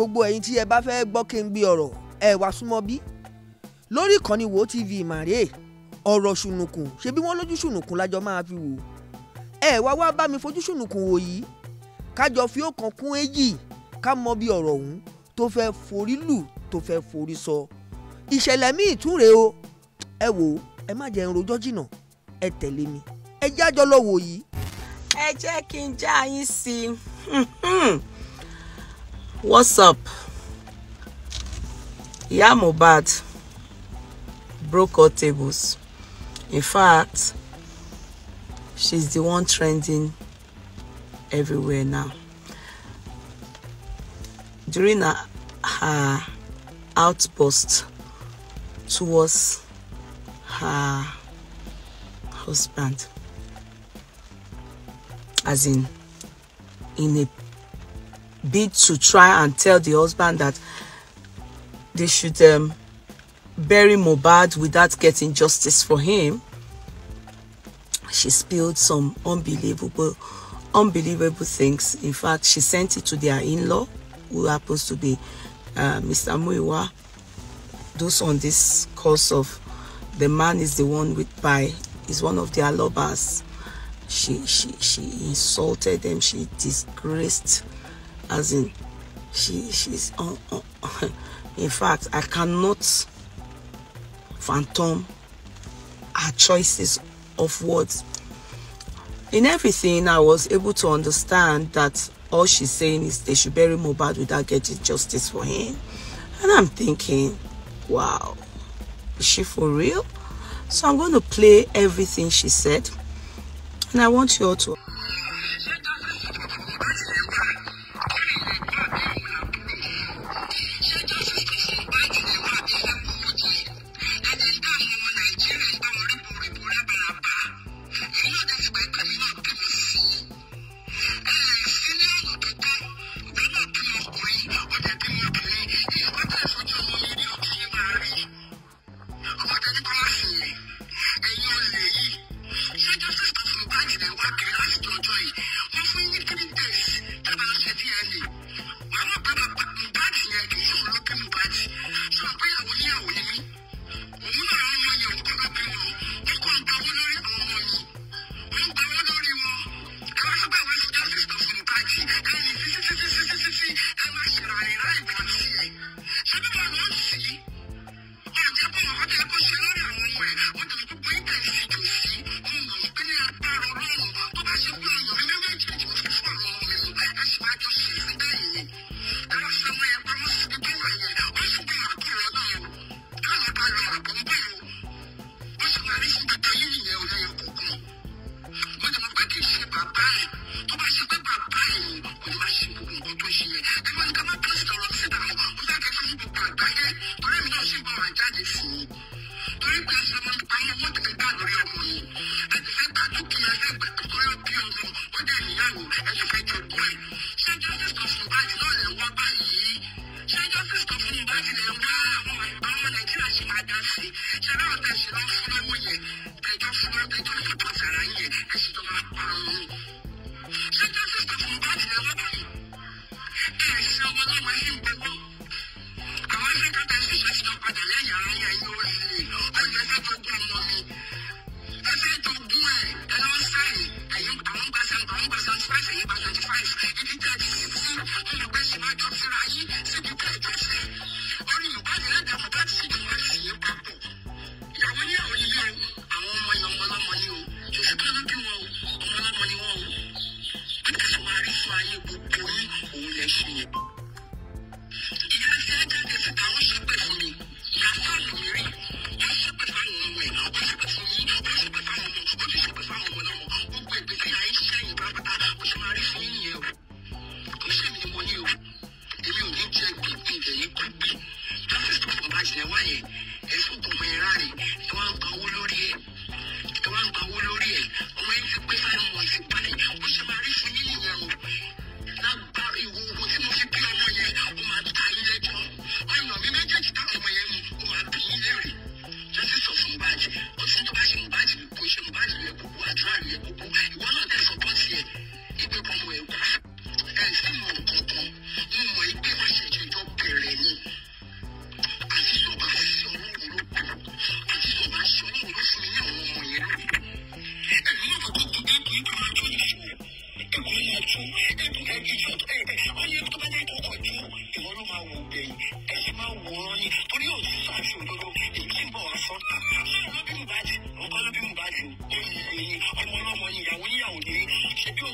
gbogbo ẹ̀yin tí ẹ bá fẹ́ gbọ́ kí n gbé ọ̀rọ̀ ẹ wá súnmọ́ bí lórí ìkànnì wo tv màrè ọ̀rọ̀ ṣùnùkùn ṣe bí wọ́n lójú ṣùnùkùn lájọ máa fi wò ẹ wá wá bá mi fojú ṣùnùkùn wò yìí kájọ fi ó kan kún èjì ká mọ bí ọ̀rọ̀ ọ̀hún tó fẹ́ forí lù tó fẹ́ forí sọ ìṣẹ̀lẹ̀ míì tún rèé o ẹ wò ó ẹ má jẹ́ n rojọ́ ẹ tẹ̀lé mi ẹ jájọ lọ wò yìí. ẹ jẹ́ kí n já yín sí i What's up? Yamobad broke all tables. In fact, she's the one trending everywhere now. During her, her outburst towards her husband, as in, in a be to try and tell the husband that they should um, bury Mobad without getting justice for him. She spilled some unbelievable, unbelievable things. In fact, she sent it to their in-law, who happens to be uh, Mr. Muiwa. Those on this course of the man is the one with by is one of their lovers. She she she insulted them. She disgraced as in she she's on, on in fact i cannot phantom her choices of words in everything i was able to understand that all she's saying is they should bury Mobad without getting justice for him and i'm thinking wow is she for real so i'm going to play everything she said and i want you all to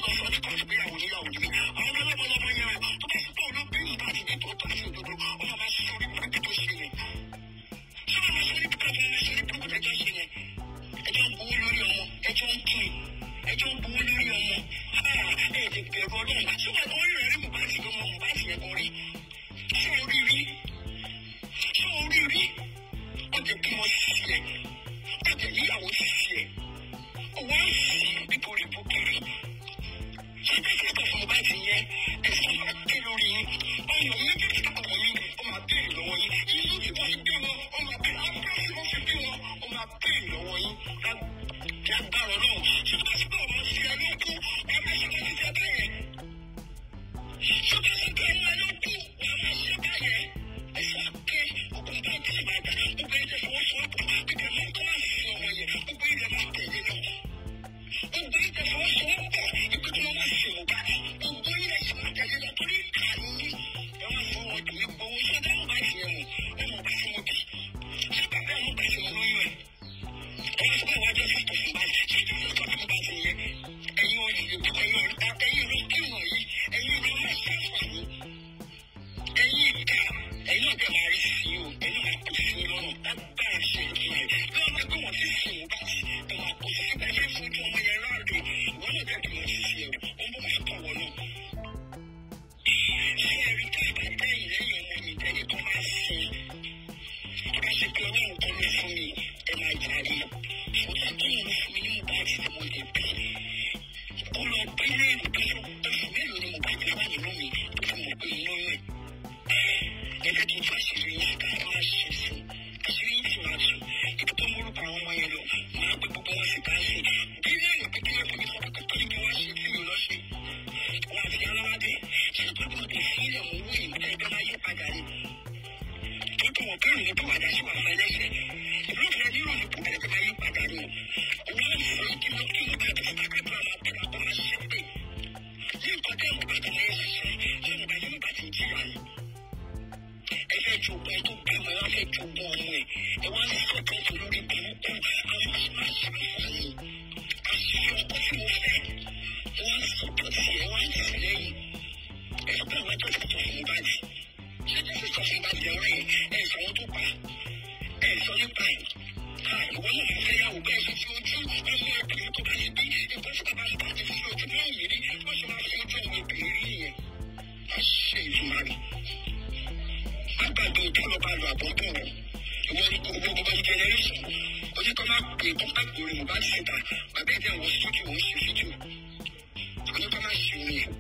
Thank you. ṣe ìṣúná ni agbàgbé ìtọ́lọ́ba lu àbọ̀tọ̀ wọn ìwọ ni gbogbo ọba generation ojú tó máa pè tó máa gbòòrò Mohbad center bàbá ẹ̀dẹ̀ àwọn sítúdíò wọn ṣe fídíò àwọn tó máa ṣe òun yẹn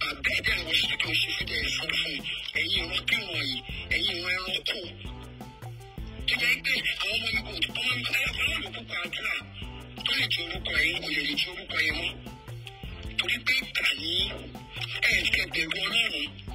bàbá ẹ̀dẹ̀ àwọn ṣe fídíò ẹ̀ fún ẹ̀yin ìwọ́n kí wọ́n yìí ẹ̀yin ìwọ́n ẹranko tó jẹ́ pé àwọn ọmọ Yorùbá tó máa ń bá àwọn olùkópa àdúrà tó lè ti orúkọ yẹn kò lè ti orúkọ yẹn mọ́ torí pé tà Good morning.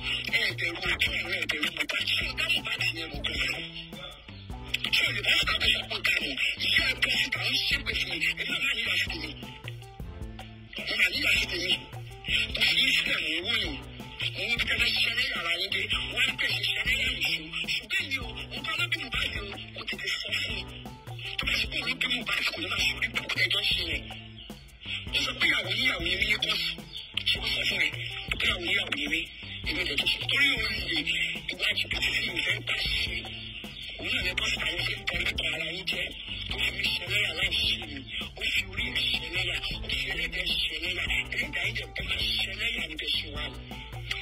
orúkọ ara yín jẹ́ ó fi mi ṣẹlẹ́yà láì ṣe mi ó fi orí mi ṣẹlẹ́yà ó fi ẹlẹ́dẹ̀ ṣẹlẹ́yà ẹlẹ́dẹ̀ ayé jẹ́ bá ṣẹlẹ́yà níbi ṣe wà.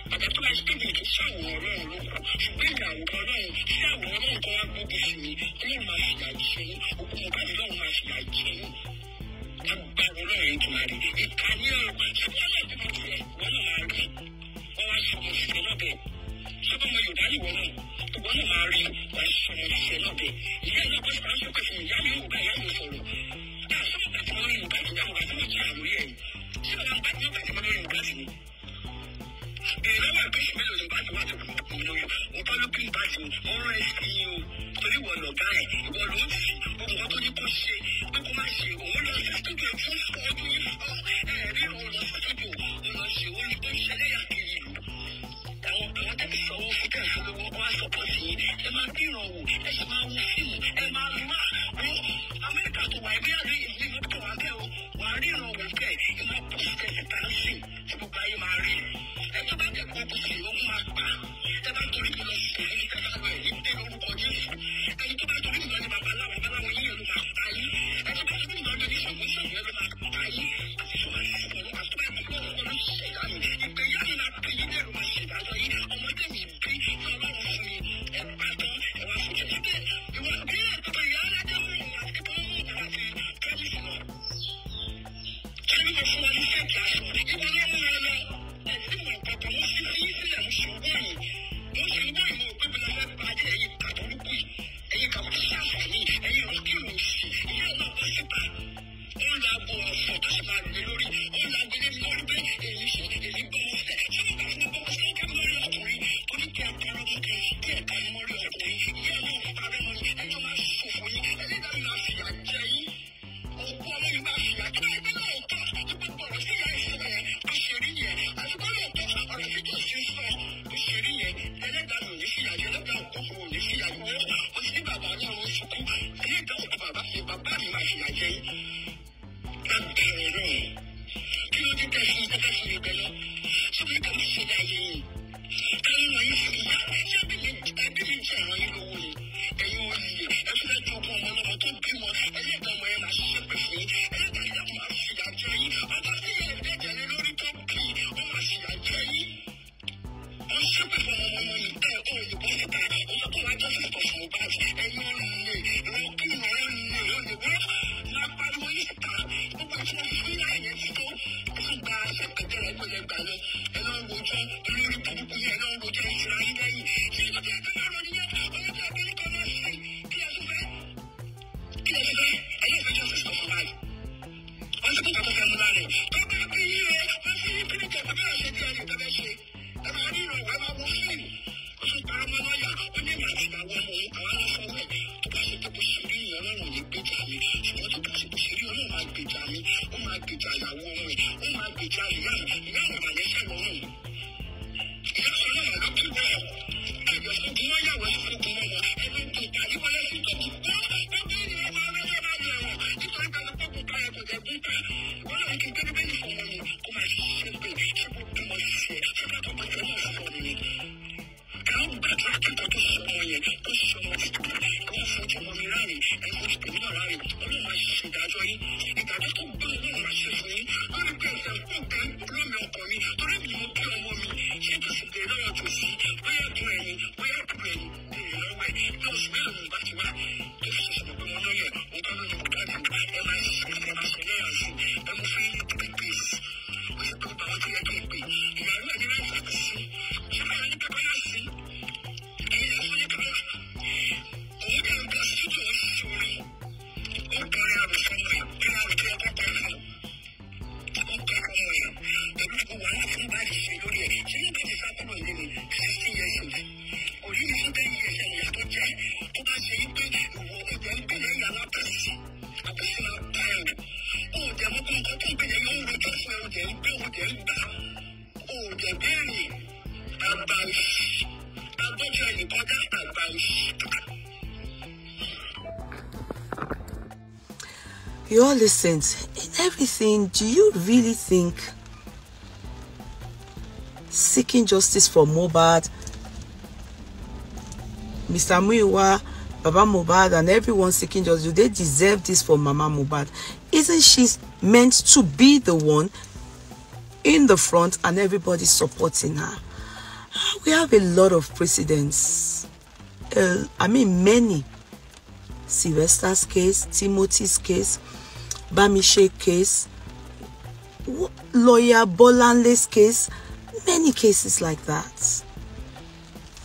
bàbá tó ẹ sípè mi kì í ṣàwọ̀ ọ̀rọ̀ ọ̀rọ̀ ṣùgbọ́n ìyá àwòrán ọlọ́run tí àwọ̀ ọlọ́run kan wá gbógun sí mi ọlọ́run máa fìyà jẹ yín òkú ọ̀gá mi lọ́run máa fìyà jẹ yín. agbára ọlọ́run yìí tún máa rí ìkànnì ọ̀rọ̀ ṣùgbọ́n ọlọ́run tó ti rẹ̀ wọ́n náà máa rí wọ́n wá Mary, Mary. 人。You all listen. in everything, do you really think seeking justice for Mobad, Mr. Muiwa, Baba Mobad, and everyone seeking justice, do they deserve this for Mama Mobad? Isn't she meant to be the one in the front and everybody supporting her? Ah, we have a lot of precedents. Uh, I mean, many. Sylvester's case, Timothy's case, Bamiche case, lawyer Bolanle's case, many cases like that.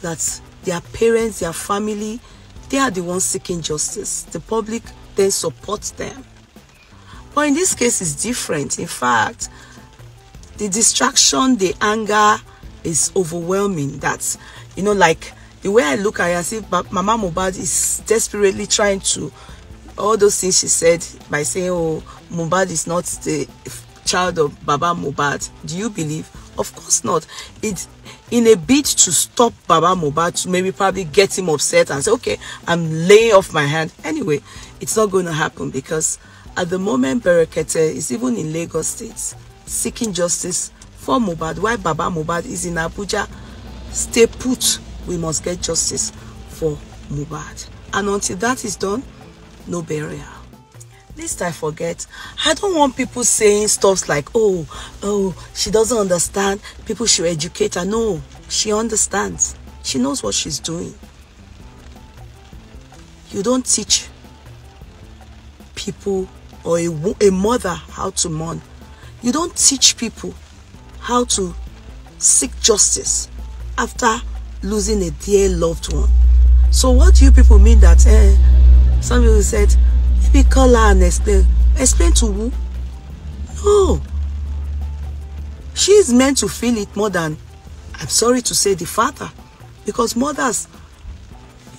That their parents, their family, they are the ones seeking justice. The public then supports them. But in this case, it's different. In fact, the distraction, the anger is overwhelming. That's, you know, like the way I look at it, I see Mama Mobad is desperately trying to all those things she said by saying, Oh, Mubad is not the child of Baba Mubad. Do you believe? Of course not. It's in a bid to stop Baba Mubad to maybe probably get him upset and say, Okay, I'm laying off my hand. Anyway, it's not going to happen because at the moment, Berekete is even in Lagos State seeking justice for Mubad. Why Baba Mubad is in Abuja? Stay put. We must get justice for Mubad. And until that is done, no burial. Least I forget. I don't want people saying stuffs like, oh, oh, she doesn't understand. People should educate her. No, she understands. She knows what she's doing. You don't teach people or a, a mother how to mourn. You don't teach people how to seek justice after losing a dear loved one. So what do you people mean that eh, some people said, maybe call her and explain. Explain to who? No. She's meant to feel it more than, I'm sorry to say, the father. Because mothers,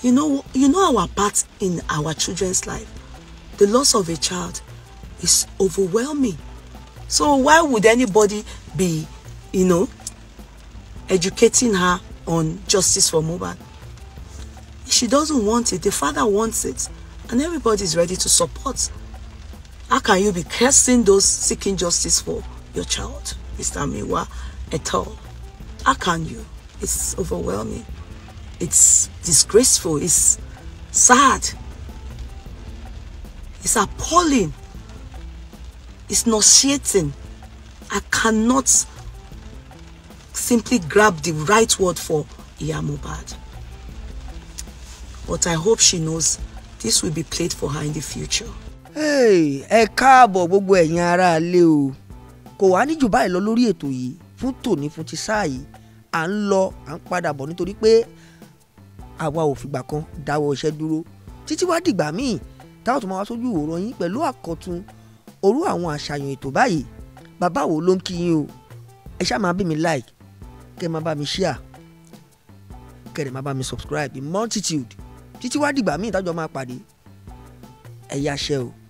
you know, you know our part in our children's life. The loss of a child is overwhelming. So why would anybody be, you know, educating her on justice for mobile? She doesn't want it. The father wants it and everybody is ready to support. How can you be cursing those seeking justice for your child, Mr. Miwa, at all? How can you? It's overwhelming. It's disgraceful. It's sad. It's appalling. It's nauseating. I cannot simply grab the right word for Iyamubad. But I hope she knows this will be played for her in the future. ẹ káàbọ̀ gbogbo ẹ̀yin aráalé o kò wá ní jù báyìí lọ lórí ètò yìí fún tòní fún ti sáà yìí à ń lọ à ń padà bọ̀ nítorí pé àwa ò fìgbà kan dáwọ́ iṣẹ́ dúró títí wá dìgbà míì táwọn tó máa wá sójú ìwòran yín pẹ̀lú àkọ́tun orú àwọn àṣàyàn ètò báyìí bàbá wo ló ń kí yín o ẹ ṣáà máa bí mi like kẹ́ ẹ máa bá mi share kẹ́ ẹ máa bá mi subscribe multitude títí wá dìgbà míì tájọ máa pàdé ẹ̀yà ṣẹ́ o.